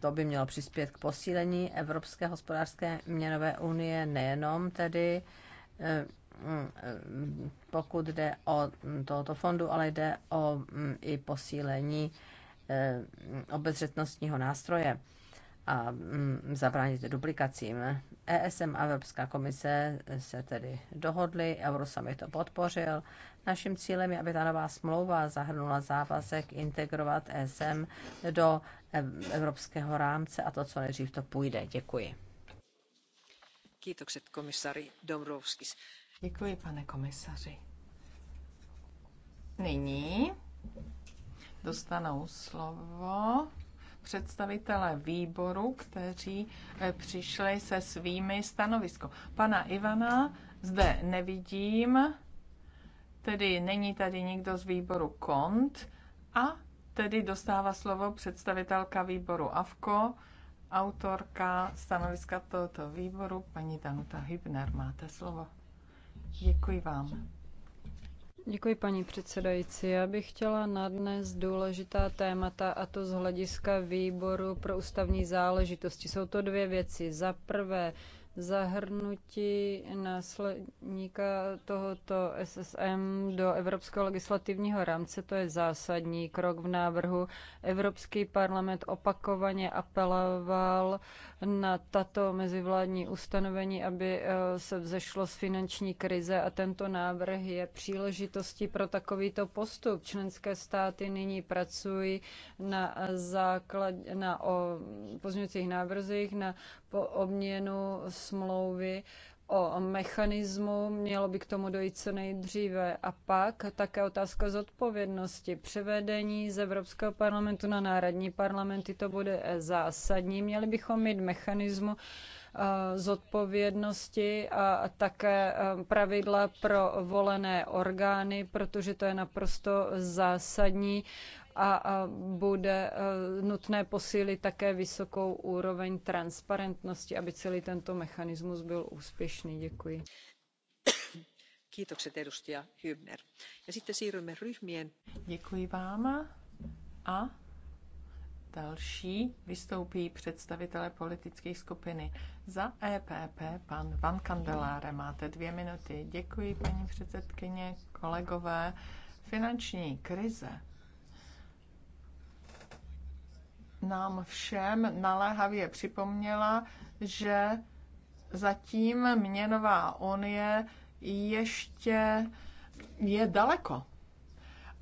to by mělo přispět k posílení Evropské hospodářské měnové unie, nejenom tedy e, pokud jde o tohoto fondu, ale jde o i posílení e, obezřetnostního nástroje a mm, zabránit duplikacím. ESM a Evropská komise se tedy dohodly, Eurosummit to podpořil. Naším cílem je, aby ta nová smlouva zahrnula závazek integrovat ESM do evropského rámce a to, co nejdřív to půjde. Děkuji. Kýtokset komisari Dombrovskis. Děkuji, pane komisaři. Nyní dostanou slovo představitele výboru, kteří eh, přišli se svými stanovisko. Pana Ivana zde nevidím, tedy není tady nikdo z výboru KONT a tedy dostává slovo představitelka výboru AVKO, autorka stanoviska tohoto výboru, paní Danuta Hübner. Máte slovo. Děkuji vám. Děkuji, paní předsedající. Já bych chtěla dnes důležitá témata, a to z hlediska výboru pro ústavní záležitosti. Jsou to dvě věci. Za prvé, zahrnutí následníka tohoto SSM do Evropského legislativního rámce, to je zásadní krok v návrhu. Evropský parlament opakovaně apeloval na tato mezivládní ustanovení, aby eh, se vzešlo z finanční krize a tento návrh je příležitostí pro takovýto postup. Členské státy nyní pracují na, základ, na pozměňujících návrzích na obměnu smlouvy o mechanismu, mělo by k tomu dojít co nejdříve. A pak také otázka zodpovědnosti. Převedení z Evropského parlamentu na národní parlamenty to bude zásadní. Měli bychom mít mechanismu eh, zodpovědnosti a také eh, pravidla pro volené orgány, protože to je naprosto zásadní a bude eh, nutné posílit také vysokou úroveň transparentnosti, aby celý tento mechanismus byl úspěšný. Děkuji. Děkuji vám. A další vystoupí představitele politické skupiny. Za EPP pan Van Kandeláre, máte dvě minuty. Děkuji, paní předsedkyně, kolegové. Finanční krize nám všem naléhavě připomněla, že zatím měnová unie ještě je daleko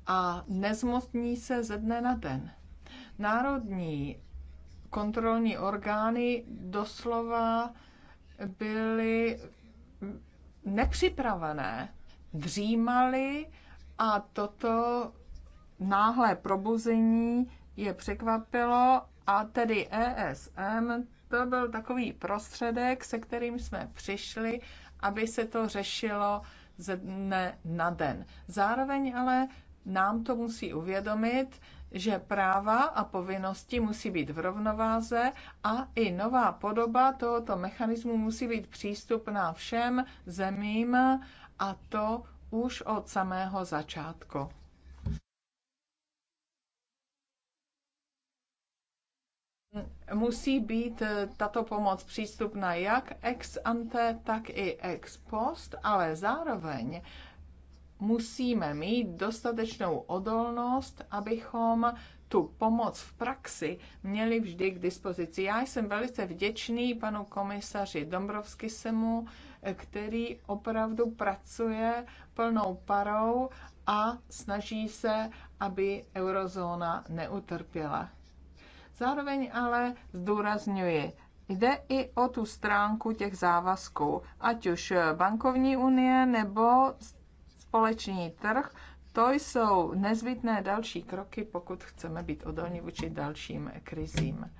a nezmocní se ze dne na den. Národní kontrolní orgány doslova byly nepřipravené, dřímaly a toto náhlé probuzení je překvapilo a tedy ESM to byl takový prostředek, se kterým jsme přišli, aby se to řešilo ze dne na den. Zároveň ale nám to musí uvědomit, že práva a povinnosti musí být v rovnováze a i nová podoba tohoto mechanismu musí být přístupná všem zemím a to už od samého začátku. Musí být eh, tato pomoc přístupná jak ex ante, tak i ex post, ale zároveň musíme mít dostatečnou odolnost, abychom tu pomoc v praxi měli vždy k dispozici. Já jsem velice vděčný panu komisaři Semu, eh, který opravdu pracuje plnou parou a snaží se, aby eurozóna neutrpěla. Zároveň ale zdůrazňuji, Jde i o tu stránku těch závazků, ať už bankovní unie nebo společný trh. To jsou nezbytné další kroky, pokud chceme být odolní vůči dalším krizím.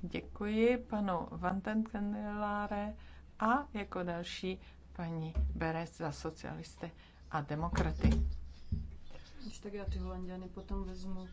Děkuji panu Vantenkendeláre a jako další paní Beres za socialisty a demokraty. Už tak já ty Holanděny potom vezmu.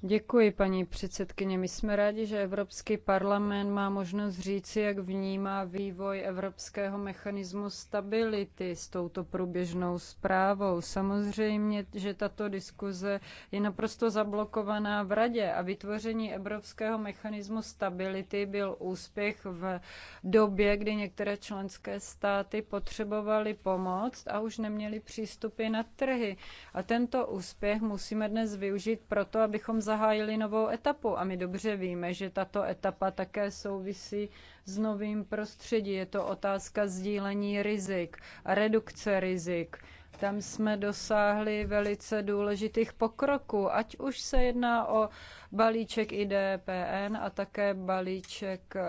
Děkuji, paní předsedkyně. My jsme rádi, že Evropský parlament má možnost říci, jak vnímá vývoj evropského mechanismu stability s touto průběžnou zprávou. Samozřejmě, že tato diskuze je naprosto zablokovaná v radě a vytvoření evropského mechanismu stability byl úspěch v době, kdy některé členské státy potřebovaly pomoc a už neměly přístupy na trhy. A tento úspěch musíme dnes využít proto, abychom zahájili novou etapu a my dobře víme, že tato etapa také souvisí s novým prostředí. Je to otázka sdílení rizik a redukce rizik. Tam jsme dosáhli velice důležitých pokroků, ať už se jedná o balíček IDPN a také balíček eh,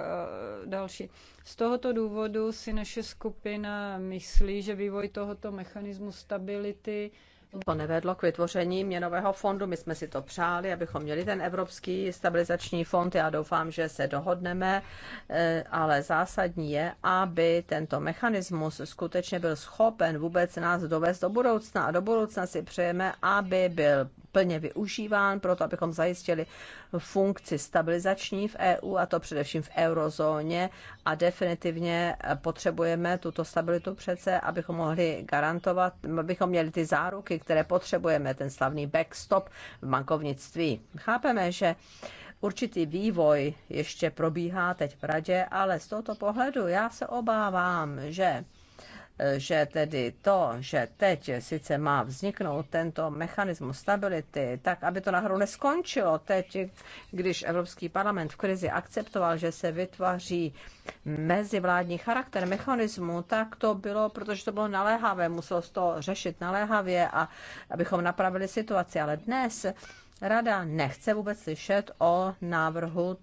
další. Z tohoto důvodu si naše skupina myslí, že vývoj tohoto mechanismu stability to nevedlo k vytvoření měnového fondu. My jsme si to přáli, abychom měli ten Evropský stabilizační fond. Já doufám, že se dohodneme, eh, ale zásadní je, aby tento mechanismus skutečně byl schopen vůbec nás dovést do budoucna. A do budoucna si přejeme, aby byl plně využíván, proto abychom zajistili funkci stabilizační v EU, a to především v eurozóně. A definitivně potřebujeme tuto stabilitu přece, abychom mohli garantovat, abychom měli ty záruky, které potřebujeme, ten slavný backstop v bankovnictví. Chápeme, že určitý vývoj ještě probíhá teď v radě, ale z tohoto pohledu já se obávám, že že tedy to, že teď sice má vzniknout tento mechanismus stability, tak aby to nahoru neskončilo teď, když Evropský parlament v krizi akceptoval, že se vytváří mezivládní charakter mechanismu, tak to bylo, protože to bylo naléhavé, muselo se to řešit naléhavě a abychom napravili situaci. Ale dnes Rada nechce vůbec slyšet o návrhu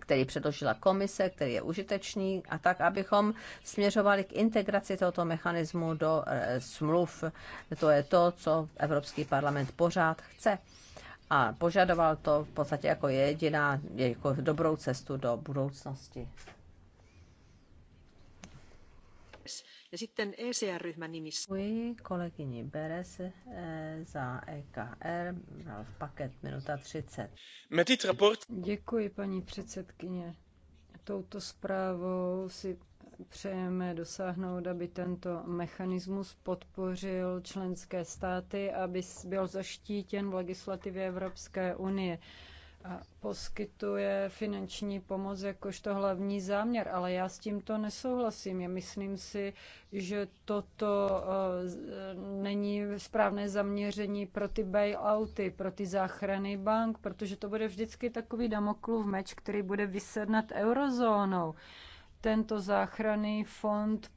který předložila komise, který je užitečný, a tak, abychom směřovali k integraci tohoto mechanismu do e, smluv. To je to, co Evropský parlament pořád chce. A požadoval to v podstatě jako jediná, jako dobrou cestu do budoucnosti. Sitten ECR-ryhmän nimissä. Děkuji Beres eh, za EKR. Paket, minuta 30. Děkuji, paní předsedkyně. Touto zprávou si přejeme dosáhnout, aby tento mechanismus podpořil členské státy, aby byl zaštítěn v legislativě Evropské unie a poskytuje finanční pomoc jakožto hlavní záměr, ale já s tímto nesouhlasím. Já myslím si, že toto eh, není správné zaměření pro ty bailouty, pro ty záchrany bank, protože to bude vždycky takový damoklův meč, který bude vysednat eurozónou tento záchranný fond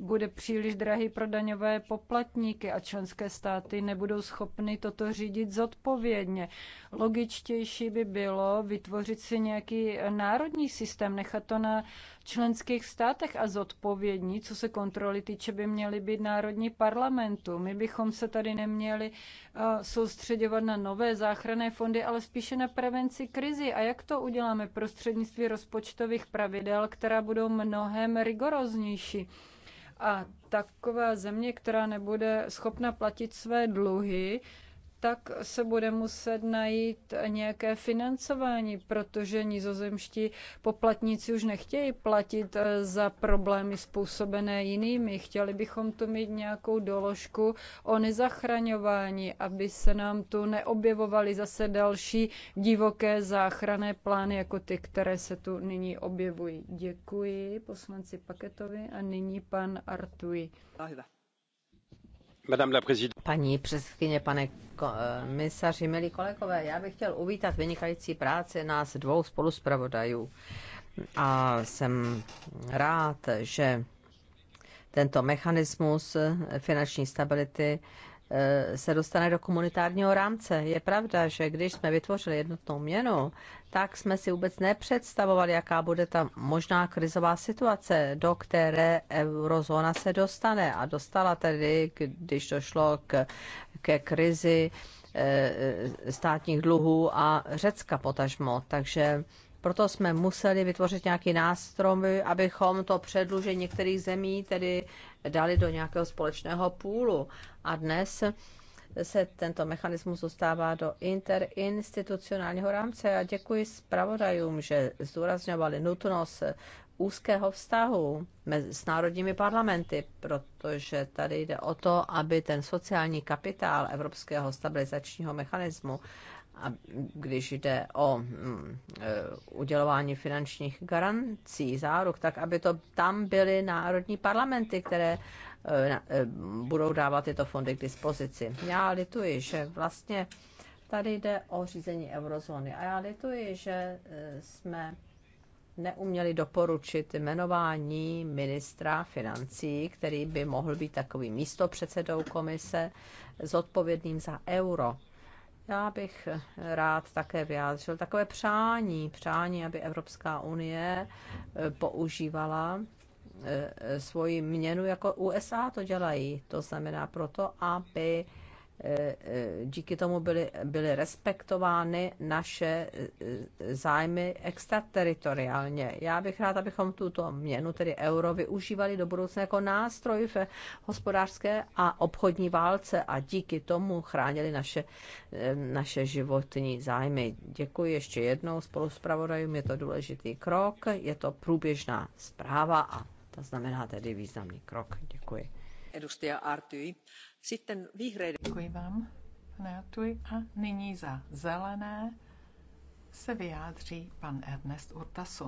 bude příliš drahý pro daňové poplatníky a členské státy nebudou schopny toto řídit zodpovědně. Logičtější by bylo vytvořit si nějaký národní systém, nechat to na členských státech a zodpovědní, co se kontroly týče, by měly být národní parlamentu. My bychom se tady neměli eh, soustředovat na nové záchranné fondy, ale spíše na prevenci krizi. A jak to uděláme? Prostřednictví rozpočtových pravidel, která budou mnohem rigoroznější. A taková země, která nebude schopna platit své dluhy, tak se bude muset najít nějaké financování, protože nizozemští poplatníci už nechtějí platit eh, za problémy způsobené jinými. Chtěli bychom tu mít nějakou doložku o nezachraňování, aby se nám tu neobjevovaly zase další divoké záchrané plány, jako ty, které se tu nyní objevují. Děkuji poslanci Paketovi a nyní pan Artui. Ahoj Paní předsedkyně, pane komisaři, milí kolegové, já bych chtěl uvítat vynikající práci nás dvou spoluspravodajů. A jsem rád, že tento mechanismus finanční stability Eh, se dostane do komunitárního rámce. Je pravda, že když jsme vytvořili jednotnou měnu, tak jsme si vůbec nepředstavovali, jaká bude ta možná krizová situace, do které eurozóna se dostane. A dostala tedy, když došlo k, ke krizi eh, státních dluhů a Řecka potažmo. Takže proto jsme museli vytvořit nějaký nástroj, abychom to předlužení některých zemí tedy dali do nějakého společného půlu. A dnes se tento mechanismus dostává do interinstitucionálního rámce a děkuji zpravodajům, že zdůrazňovali nutnost úzkého vztahu mezi, s národními parlamenty, protože tady jde o to, aby ten sociální kapitál Evropského stabilizačního mechanismu a když jde o mm, e, udělování finančních garancí, záruk, tak aby to tam byly národní parlamenty, které e, e, budou dávat tyto fondy k dispozici. Já lituji, že vlastně tady jde o řízení eurozóny a já lituji, že jsme neuměli doporučit jmenování ministra financí, který by mohl být takový místopředsedou komise zodpovědným za euro já bych rád také vyjádřil takové přání, přání, aby Evropská unie eh, používala eh, eh, svoji měnu, jako USA to dělají. To znamená proto, aby Eh, eh, díky tomu byly, byly respektovány naše eh, zájmy extrateritoriálně. Já bych rád, abychom tuto měnu, tedy euro, využívali do budoucna jako nástroj v hospodářské a obchodní válce a díky tomu chránili naše, naše životní zájmy. Děkuji ještě jednou spolu s je to důležitý krok, je to průběžná zpráva a to znamená tedy významný krok. Děkuji. Edustia Artyi Děkuji vám, pane Artuji. A nyní za zelené se vyjádří pan Ernest Urtasun.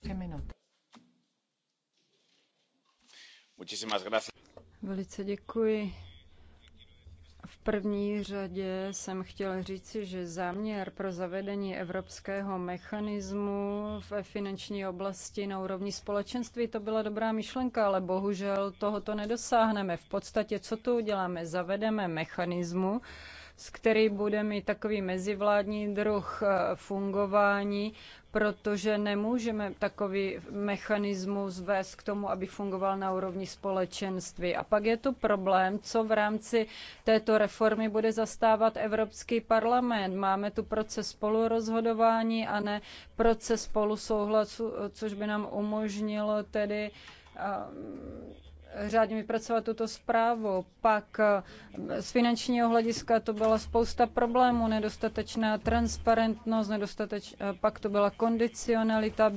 Tři minuty. Velice děkuji první řadě jsem chtěla říci, že záměr pro zavedení evropského mechanismu v finanční oblasti na úrovni společenství, to byla dobrá myšlenka, ale bohužel tohoto nedosáhneme. V podstatě, co tu uděláme? Zavedeme mechanismu, s který bude mít takový mezivládní druh eh, fungování, protože nemůžeme takový mechanismus vést k tomu, aby fungoval na úrovni společenství. A pak je tu problém, co v rámci této reformy bude zastávat Evropský parlament. Máme tu proces spolurozhodování a ne proces spolusouhlasu, což by nám umožnilo tedy eh, řádně vypracovat tuto zprávu. Pak eh, z finančního hlediska to byla spousta problémů, nedostatečná transparentnost, nedostateč, eh, pak to byla kondicionalita,